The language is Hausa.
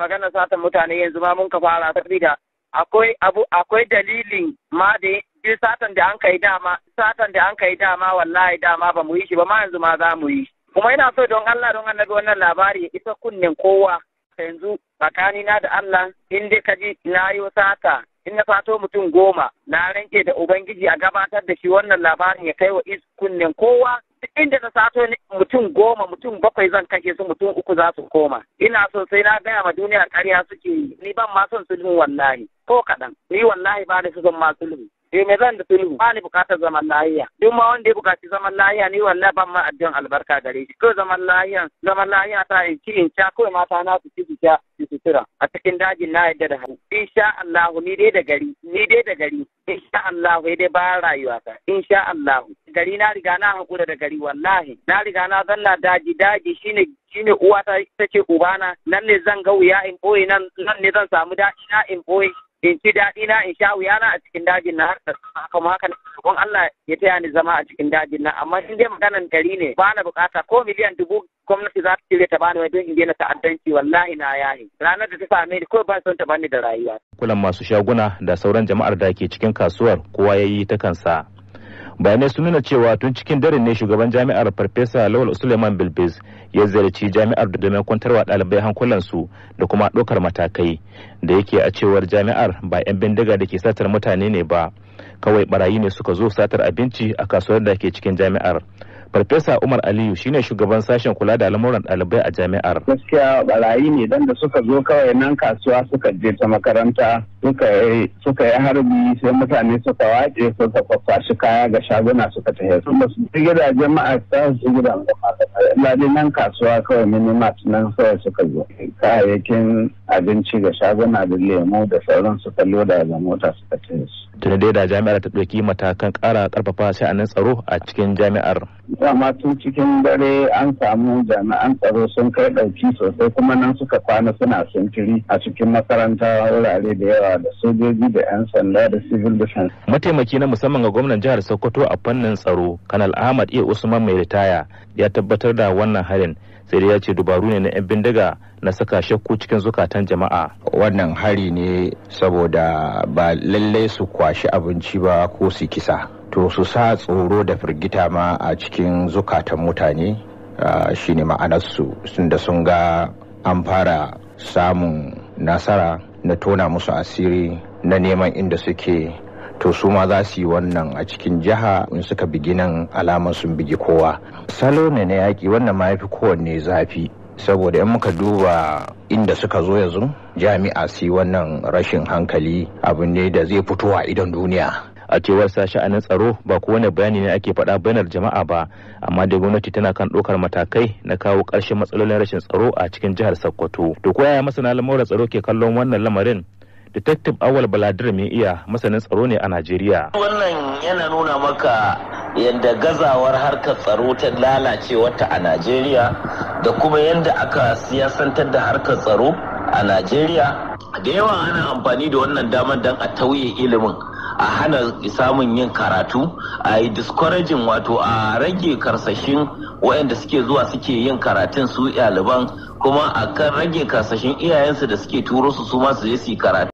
magana satan mutane yanzu ma mun ka fara sabida akwai abu akwai dalilin ma da duk satan da an kai dama satan da an kai dama wallahi dama ba mu yi shi ba ma yanzu ma za mu yi kuma ina so don Allah don annabi wannan labari ya isa kunnen kowa yanzu na da Allah in dai kaji na yi sata in na fato mutum goma na ranke da ubangiji a gabatar da shi wannan labarin ya kai wa kunnen kowa inda na sato mutum goma mutum bakwai zan kashe su mutum uku za su koma ina so sai na gaya ma duniya karya suke yi ni ban ma son sulhu wallahi ko kaɗan ni wallahi ba da su zan ma sulhu eh me zan da sulhu ba ni bukatar zaman lahiya duk ma wanda ya bukaci zaman lahiya ni wallahi ban ma addu'an albarka gare shi ko zaman lahiya zaman lahiya ta in ci in ca ko mata na su ci su ca su sutura a cikin dajin na yadda da hannu insha Allah ni dai da gari ni dai da gari insha Allah dai ba rayuwa ta insha Allah gari na riga na hakura da gari wallahi na riga na zanna daji daji shine shine uwa ta ce ubana nan ne zan ga wuya in boye nan nan ne zan samu daɗi na in boye in ci daɗi na in sha wuya na a cikin dajin na har haka haka kun Allah ya taya ni zama a cikin dajin na amma in dai maganan gari ne ba na bukata ko miliyan dubu gwamnati za ta cire ta bani don in daina ta'addanci wallahi na yahi ranar da ta same ni ko ba son ta bani da rayuwa kulan masu shaguna da sauran jama'ar da ke cikin kasuwar kowa yayi ta kansa bayanai sun nuna cewa tun cikin daren ne shugaban jami'ar farfesa lawal suleiman bilbis ya ziyarci jami'ar domin kwantarwa ɗalibai hankulansu da kuma ɗaukar matakai da yake a cewar jami'ar ba 'yan bindiga da ke satar mutane ne ba kawai barayi ne suka zo satar abinci a kasuwar da ke cikin jami'ar farfesa umar aliyu shine shugaban sashen kula da al'amuran ɗalibai a jami'ar gaskiya barayi ne dan da suka zo kawai nan kasuwa suka je ta makaranta suka yi harbi sai mutane suka wace suka kwakwashi kaya ga shaguna suka tafi sun ba su fi jama'a ta su gidan ladi nan kasuwa kawai mini masu nan sai suka zo kayayyakin abinci ga shaguna da lemo da sauran suka loda da mota suka tafi su. da dai da jami'ar ta ɗauki matakan ƙara ƙarfafa sha'anin tsaro a cikin jami'ar. dama tun cikin dare an samu jami'an tsaro sun kai ɗauki sosai kuma nan suka kwana suna sintiri a cikin makaranta wurare da yawa da sojoji da 'yan sanda da civil defense. Mataimaki na musamman ga gwamnan jihar Sokoto a fannin tsaro, Kanal Ahmad Iya Usman mai ritaya ya tabbatar da wannan harin sai dai ya ce dubaru ne na 'yan bindiga na saka shakku cikin zukatan jama'a. Wannan hari ne saboda ba lallai su kwashi abinci ba ko su kisa. To su sa tsoro da firgita ma a cikin zukatan mutane shine ma'anarsu sun da sun ga an fara samun nasara na tona musu asiri na neman inda suke to su ma za su yi wannan a cikin jiha in suka bigi nan alamar sun bigi kowa salo ne na yaƙi wannan ma ya fi kowanne zafi saboda in muka duba inda suka zo yanzu jami'a su yi wannan rashin hankali abu ne da zai fito a idon duniya a cewar sa sha'anin tsaro ba wani bayani ne ake faɗa bayanar jama'a ba amma dai gwamnati tana kan ɗaukar matakai na kawo ƙarshen matsalolin rashin tsaro a cikin jihar sokoto to ko yaya masana lamarin tsaro ke kallon wannan lamarin detective awal baladir mai iya masanin tsaro ne a najeriya wannan yana nuna maka yadda gazawar harkar tsaro ta lalace wata a najeriya da kuma yadda aka siyasantar da harkar tsaro a najeriya da yawa ana amfani da wannan damar dan a tauye ilimin a hana samun yin karatu a yi discouraging wato a rage karsashin waɗanda suke zuwa suke yin karatun su ɗaliban kuma a kan rage karsashin iyayensu da suke turo su su ma su yi karatu